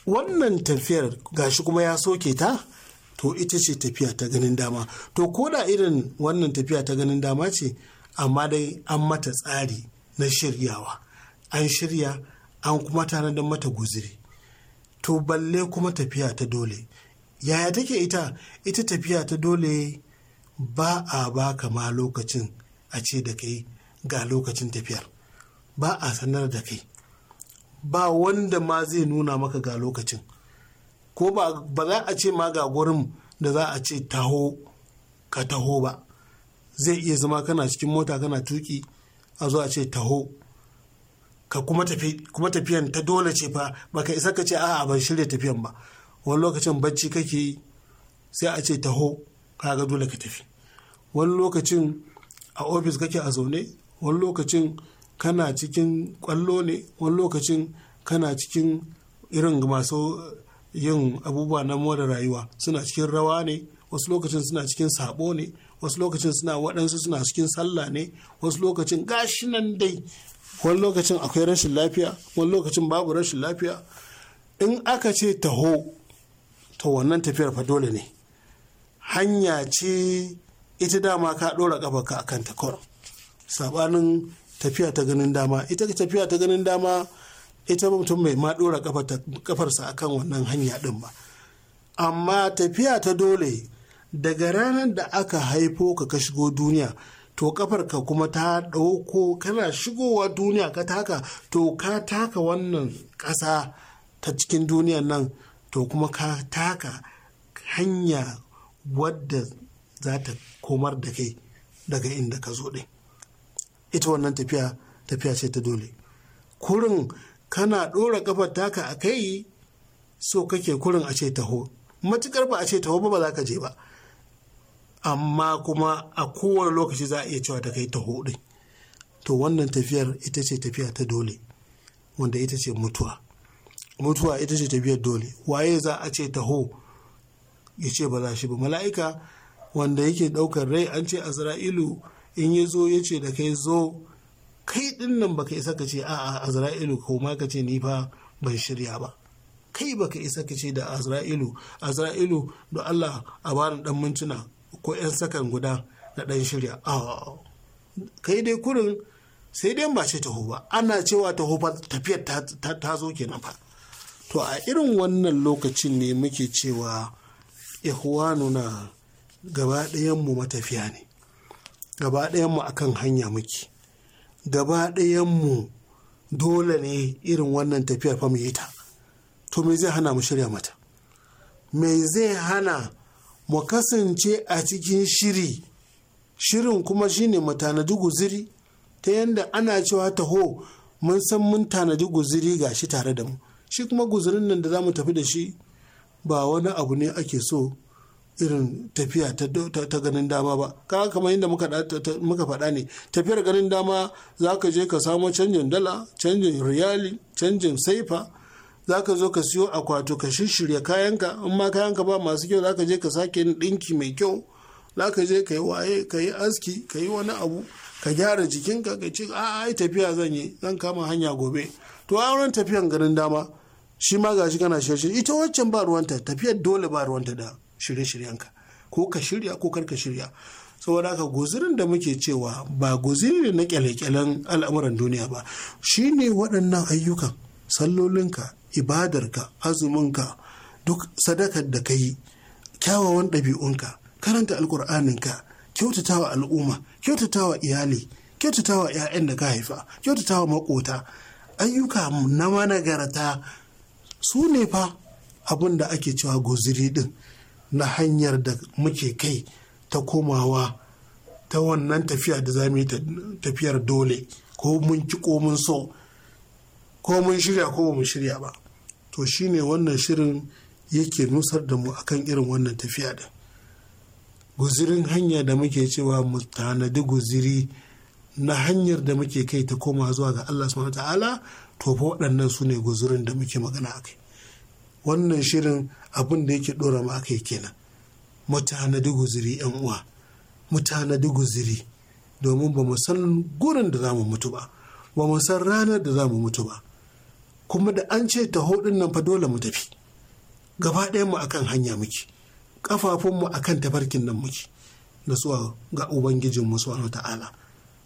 wannan tafiyar gashi kuma ya soke ta to ita ce tafiya ta ganin dama to koda irin wannan tafiya ta ganin dama ce amma dai an mata tsari na shiryawa an shirya an kuma tanadar mata guziri to balle kuma tafiya ta dole yaya take ita ita tafiya ta dole ba a baka ma lokacin a ce da kai ga lokacin tafiyar ba a sanar da kai ba wanda ma zai nuna maka ga lokacin ko ba za a ce ma ga gurin da za a ce taho ka taho ba zai iya zama kana cikin mota kana tuki a zuwa ce taho ka kuma tafi kuma tafiyan ta dole ce fa baka isa ka ce a'a ban shirya tafiyan ba wani lokacin bacci kake yi sai a ce taho kaga dole ka tafi wani lokacin a ofis kake a zaune wani lokacin kana cikin kwallo ne wani lokacin kana cikin irin masu yin abubuwa na more rayuwa suna cikin rawa ne wasu lokacin suna cikin sabo ne wasu lokacin suna waɗansu suna cikin sallah ne wasu lokacin gashi nan dai wani lokacin akwai rashin lafiya wani lokacin babu rashin lafiya in aka ce taho to wannan tafiyar fa dole ne hanya ce ita dama ka ɗora ƙafarka a kan takwar saɓanin tafiya ta ganin dama ita tafiya ta ganin dama ita mutum mai ma ɗora ƙafarsa a kan wannan hanya ɗin ba amma tafiya ta dole daga ranar da aka haifo ka ka shigo duniya to kafarka kuma ta ɗauko kana shigowa duniya ka taka to ka taka wannan ƙasa ta cikin duniyan nan to kuma ka taka hanya wadda za ta komar da kai daga inda ka zo ɗin ita wannan tafiya tafiya ce ta dole kurin kana ɗora kafar taka a kai so kake kurin a ce taho matukar ba a ce taho ba ba za ka je ba amma kuma a kowane lokaci za a iya cewa da kai taho ɗin to wannan tafiyar ita ce tafiya ta dole wanda ita ce mutuwa mutuwa ita ce tafiyar dole waye za a ce taho ya ce ba za shi ba mala'ika wanda yake ɗaukar rai an ce azra'ilu in ya zo ya ce da kai zo kai ɗin nan ka isa ka ce a'a azra'ilu ko ma ka ce ni fa ban shirya ba kai baka isa ka ce da azra'ilu azra'ilu da Allah a barin ɗan mintuna ko 'yan sakan guda na ɗan shirya kai dai kurin sai dai ba ce taho ba ana cewa taho ba tafiyar ta zo kenan fa to a irin wannan lokacin ne muke cewa ihwanuna gaba ɗayanmu matafiya ne gaba ɗayanmu akan hanya muke gaba ɗayanmu dole ne irin wannan tafiyar fa mu yi ta to me zai hana mu shirya mata me zai hana mu kasance a cikin shiri shirin kuma shine mu tanadi guziri ta yadda ana cewa taho mun san mun tanadi guziri ga shi tare da mu shi kuma guzirin nan da za mu tafi da shi ba wani abu ne ake so irin tafiya ta ganin dama ba ka kamar yadda muka faɗa ne tafiyar ganin dama za ka je ka samo canjin dala canjin riyali canjin saifa za ka zo ka siyo akwato ka shirya kayanka in ma kayanka ba masu kyau za ka je ka sake ɗinki mai kyau za ka je ka yi waye ka yi aski ka yi wani abu ka gyara jikinka ka ce a ai tafiya zan yi zan kama hanya gobe to a wurin tafiyan garin dama shi ma shi kana shirye ita waccan ba ruwanta tafiyar dole ba ruwanta da shirye-shiryenka ko ka shirya ko kar ka shirya saboda haka gozirin da muke cewa ba guziri na kyale-kyalen al'amuran duniya ba shine waɗannan ayyukan sallolinka ibadarka azuminka duk sadakar da ka yi kyawawan ɗabi'unka karanta kyautata kyautatawa al'umma kyautatawa iyali kyautatawa 'ya'yan da ka haifa kyautatawa makota ayyuka na managarta su ne fa abin da ake cewa guziri din na hanyar da muke kai ta komawa ta wannan tafiya da za mu yi tafiyar dole ko mun ki ko mun so ko mun shirya ko mun shirya ba to shine wannan shirin yake nusar da mu akan irin wannan tafiya din guzirin hanya da muke cewa mu tanadi guziri na hanyar da muke kai ta koma zuwa ga Allah subhanahu ta'ala to fa waɗannan su ne guzurin da muke magana a wannan shirin abin da yake ɗora mu akai kenan mu tanadi guziri yan uwa mu tanadi guziri domin ba mu san gurin da za mu mutu ba ba mu san ranar da za mu mutu ba kuma da an ce taho ɗin nan fa dole mu tafi gaba ɗayan mu akan hanya muke ƙafafunmu akan tafarkin nan muke na zuwa ga ubangijinmu subhanahu ta'ala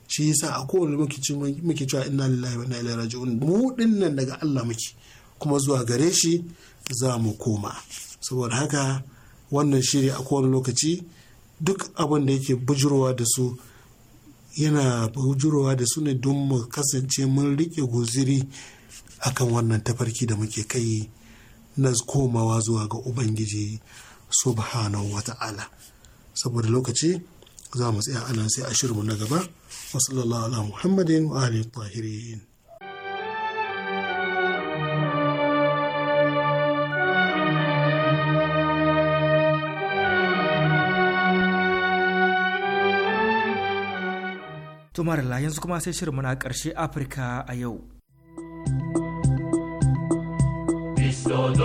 shi yasa a kowane muke cewa inna lillahi wa inna ilaihi raji'un mu nan daga Allah muke kuma zuwa gare shi za mu koma saboda haka wannan shiri a kowane lokaci duk abin da yake bujurowa da su yana bujurowa da su ne don mu kasance mun rike guziri akan wannan tafarki da muke kai na komawa zuwa ga ubangiji subhanahu wa ta'ala saboda lokaci za mu tsaya anan sai a shirmu na gaba wasu ala muhammadin wa alihi tahirin To yanzu kuma sai shirin muna ƙarshe Afirka a yau. 22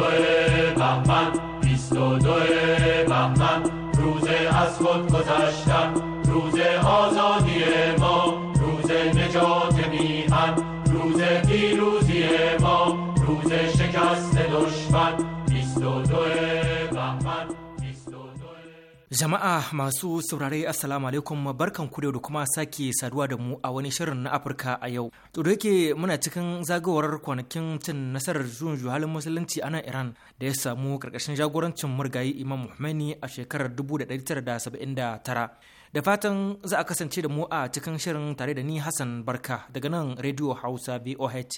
بهمن 22 بهمن روز از خود گذشتن روز آزادی Jama'a masu saurare Assalamu alaikum barkan ku da kuma sake saduwa da mu a wani shirin na Afirka a yau. To da yake muna cikin zagawar kwanakin cin nasarar juyin juhalin musulunci a nan Iran da ya samu karkashin jagorancin murgayi Imam Khomeini a shekarar 1979. Da fatan za a kasance da mu a cikin shirin tare da ni Hassan Barka daga nan Radio Hausa VOH.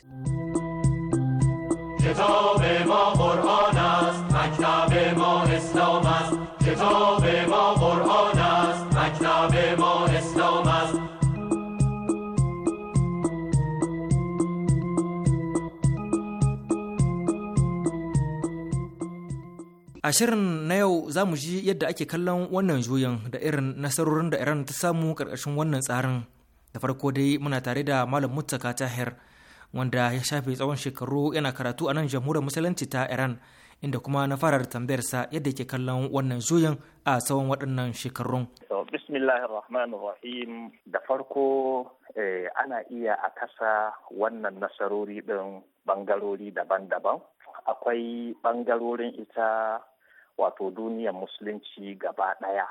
A shirin na yau za mu ji yadda ake kallon wannan juyin da irin nasarorin da Iran ta samu karkashin wannan tsarin. Da farko dai muna tare da Malam ta Tahir wanda ya shafe tsawon shekaru yana karatu a nan jamhuriyar musulunci ta Iran inda kuma na fara da tambayarsa yadda ke kallon wannan juyin a tsawon waɗannan shekarun. Bismillahirrahmanirrahim da farko eh, ana iya a kasa wannan nasarori ɗin bangarori daban-daban. akwai bangarorin ita wato duniyar musulunci gaba ɗaya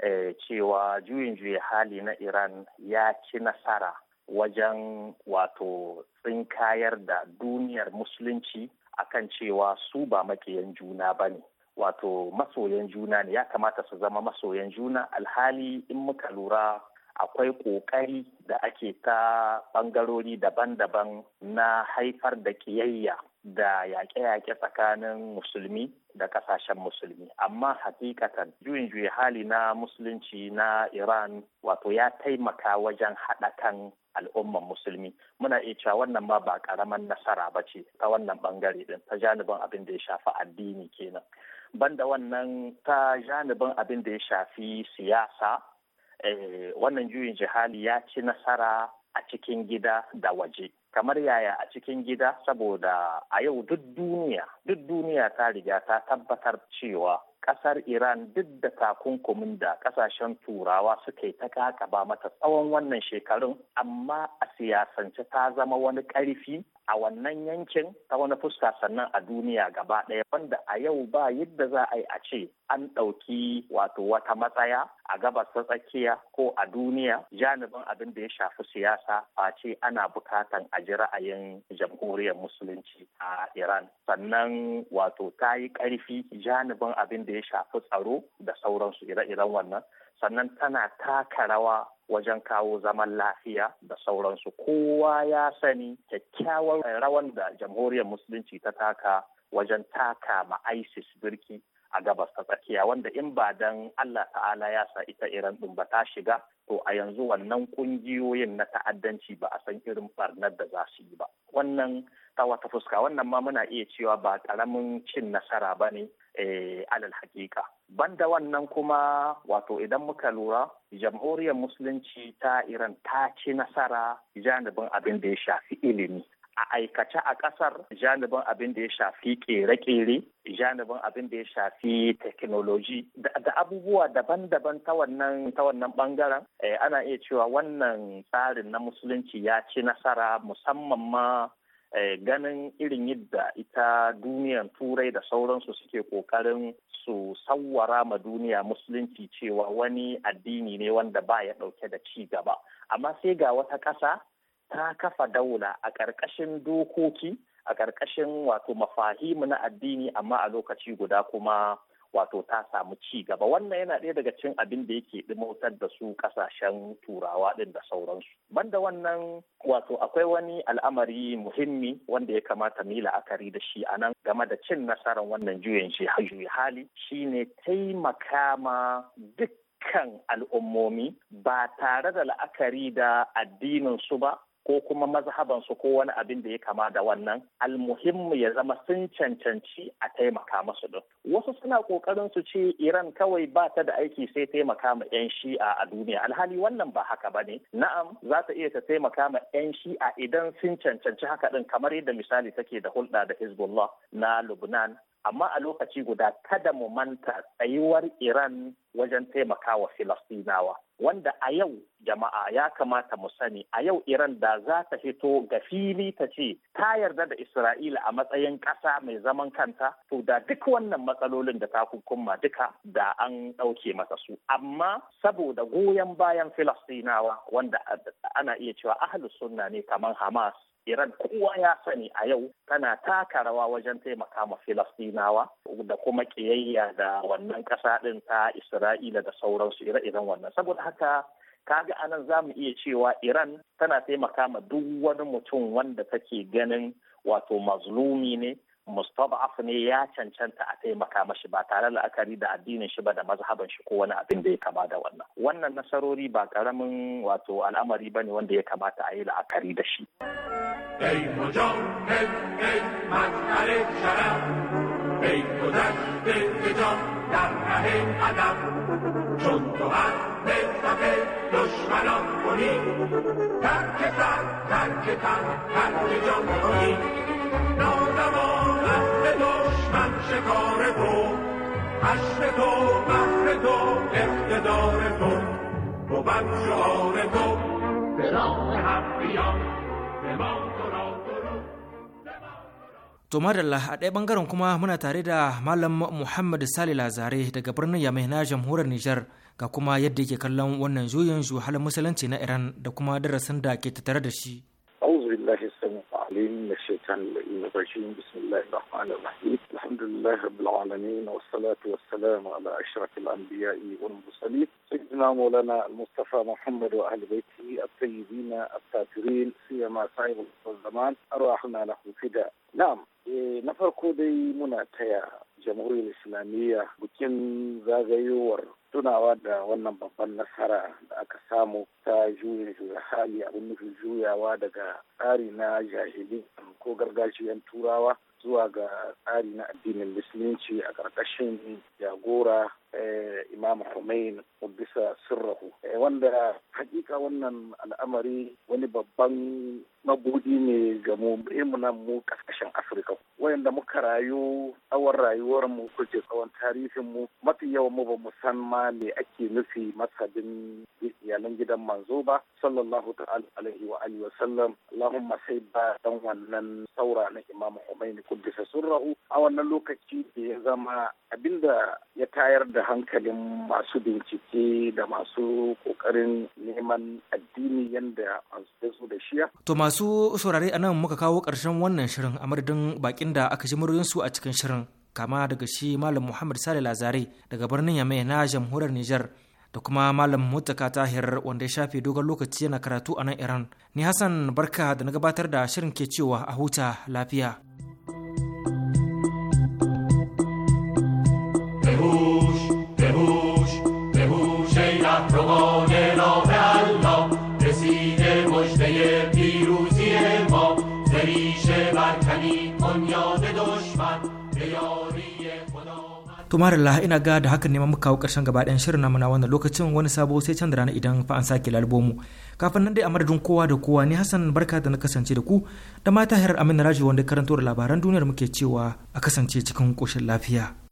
eh, cewa juyin juya hali na iran ya ci nasara wajen wato tsinkayar da duniyar musulunci akan cewa su ba makiyan juna ba ne wato masoyan juna ne ya kamata su zama masoyan juna alhali in muka lura akwai ƙoƙari da ake ta ɓangarori daban-daban na haifar da ƙiyayya da yaƙe-yaƙe tsakanin musulmi da ƙasashen musulmi amma hakikatan juyin juyi hali na musulunci na iran wato ya taimaka wajen haɗa kan al'umman musulmi muna iya cewa wannan ma ba ƙaramin nasara ba ce ta wannan ɓangare ɗin ta janibin abin da ya shafi addini kenan banda wannan ta janibin abin da ya shafi siyasa eh, wannan juyin jihali ya ci nasara a cikin gida da waje kamar yaya a cikin gida saboda a yau duk duniya duk duniya ta riga ta tabbatar cewa kasar iran duk da takunkumin da kasashen turawa suke ta kakaba mata tsawon wannan shekarun amma a siyasance ta zama wani karfi a wannan yankin ta wani fuska sannan a duniya gaba ɗaya wanda a yau ba yadda za a yi a ce an ɗauki wato wata matsaya a gabas ta tsakiya ko a duniya janibin abin da ya shafi siyasa a ce ana bukatan a ji ra'ayin jamhuriyar musulunci a iran sannan wato ta yi ƙarfi janibin abin da ya shafi tsaro da sauransu ire-iren wannan sannan tana taka rawa wajen kawo zaman lafiya da sauransu kowa ya sani kyakkyawar rawan da jamhuriyar musulunci ta taka wajen taka ma isis birki a gabas ta tsakiya wanda in ba dan allah ta'ala ya sa ita iran ɗin ba ta shiga to a yanzu wannan kungiyoyin na ta'addanci ba a san irin barnar da za su yi ba wannan ta wata fuska wannan ma muna iya cewa ba ƙaramin cin nasara ba ne Eh, alal hakika banda wannan kuma wato idan muka lura jamhuriyar musulunci ta iran ta ci nasara janibin abin da ya shafi ilimi a aikace a kasar janibin abin da ya shafi kere-kere janibin abin da ya shafi teknoloji da abubuwa daban-daban ta wannan bangaren eh, ana iya cewa wannan tsarin na musulunci ya ci nasara musamman ma Eh, ganin irin yadda ita duniyan turai da sauransu suke kokarin su sawwara ma duniya musulunci cewa wani addini ne wanda ba ya ɗauke da ci gaba amma sai ga wata ƙasa ta kafa daula a ƙarƙashin dokoki a ƙarƙashin wato mafahimu na addini amma a lokaci guda kuma wato ta samu ci gaba wannan yana ɗaya daga cin abin da yake ɗimautar da su ƙasashen turawa ɗin da sauransu banda wannan wato akwai wani al'amari muhimmi wanda ya kamata mu yi la'akari da shi a nan game da cin nasarar wannan juyin juyi hali shine taimaka ma duk al'ummomi ba tare da la'akari da addinin su ba ko kuma mazhabansu ko wani abin da ya kama da wannan almuhimmu ya zama sun cancanci a taimaka masu din wasu suna kokarin su ce iran kawai ba ta da aiki sai taimaka ma yan shi'a a duniya alhali wannan ba haka ba ne na'am za ta iya ta taimaka ma yan shi'a idan sun cancanci haka din kamar yadda misali take da hulɗa da hezbollah na lubnan amma a lokaci guda kada mu manta tsayuwar iran wajen taimaka wa filastinawa wanda a yau jama'a ya kamata mu sani a yau Iran da za ta fito ga fili ta ce ta yarda da Isra'ila a matsayin ƙasa mai zaman kanta to da duk wannan matsalolin da ta hukumma duka da an ɗauke masa su amma saboda goyon bayan filastinawa wanda ana iya cewa ahlus sunna ne kamar Hamas Iran kowa ya sani a yau tana taka rawa wajen taimaka ma Filastinawa da kuma ƙiyayya da wannan ƙasa ɗin ta Isra'ila da sauransu ire-iren wannan. Saboda haka kaga anan za mu iya cewa Iran tana taimaka ma duk wani mutum wanda take ganin wato mazlumi ne mustad'af ne ya cancanta a taimaka mashi ba tare da la'akari da addinin shi ba da mazhaban shi ko wani abin da ya kama da wannan wannan nasarori ba karamin wato al'amari bane wanda ya kamata a yi la'akari da shi. ای مجاهد ای مظهر شرف ای گذشته به جان در ره ادب چون تو از نسبت دشمنان کنی ترک سر ترک تن ترک جان کنی نازمان از دشمن شکار تو حشر تو بحر تو اقتدار تو بود شعار تو به راه حق بیان به To madalla a ɗaya ɓangaren kuma muna tare da Malam Muhammad Sale Lazare daga birnin Yamai na Nijar ga kuma yadda yake kallon wannan juyin zuwa halin musulunci na Iran da kuma darasin da ke tattare da shi. سيدنا مولانا المصطفى محمد واهل بيته الطيبين الطاهرين سيما صاحب الزمان ارواحنا له فداء نعم Eh, na farko dai muna taya jamhuriyar islamiyya bikin zagayowar tunawa da wannan babban nasara da aka samu ta juya juya hali abin nufi juyawa daga tsari na jahili ko gargajiyar turawa zuwa ga tsari na addinin musulunci a ƙarƙashin jagora Eh, imam Khomein Qaddisa sirrahu eh, wanda hakika wannan al'amari wani babban mabudi ne ga mu na eh, mu kasashen Afirka wayanda muka rayu tsawon rayuwar mu kuke tsawon tarihin mu mafi yawan mu ba mu san ma me ake nufi masabin iyalan gidan manzo ba sallallahu ta'ala alaihi wa alihi wa sallam Allahumma sai ba dan wannan saura na Imam Khomein Qaddisa sirrahu a wannan lokaci da ya zama abinda ya tayar da da hankalin masu bincike da masu kokarin neman addini yadda masu zo da shiya. To masu saurare a nan muka kawo ƙarshen wannan shirin a madadin bakin da aka ji su a cikin shirin kama daga shi Malam Muhammad Sale Lazare daga birnin Yamai na jamhuriyar Nijar da kuma Malam Mutaka Tahir wanda ya shafe dogon lokaci yana karatu a nan Iran. Ni Hassan Barka da na gabatar da shirin ke cewa a huta lafiya. to marilla ina ga da hakan neman muka kawo karshen gaba ɗayan shirin namu na wannan lokacin wani sabo sai can da rana idan fa an sake lalbo mu kafin nan dai a madadin kowa da kowa ni Hassan barka da na kasance da ku da mata hirar amina Raji wanda karanto da labaran duniyar muke cewa a kasance cikin koshin lafiya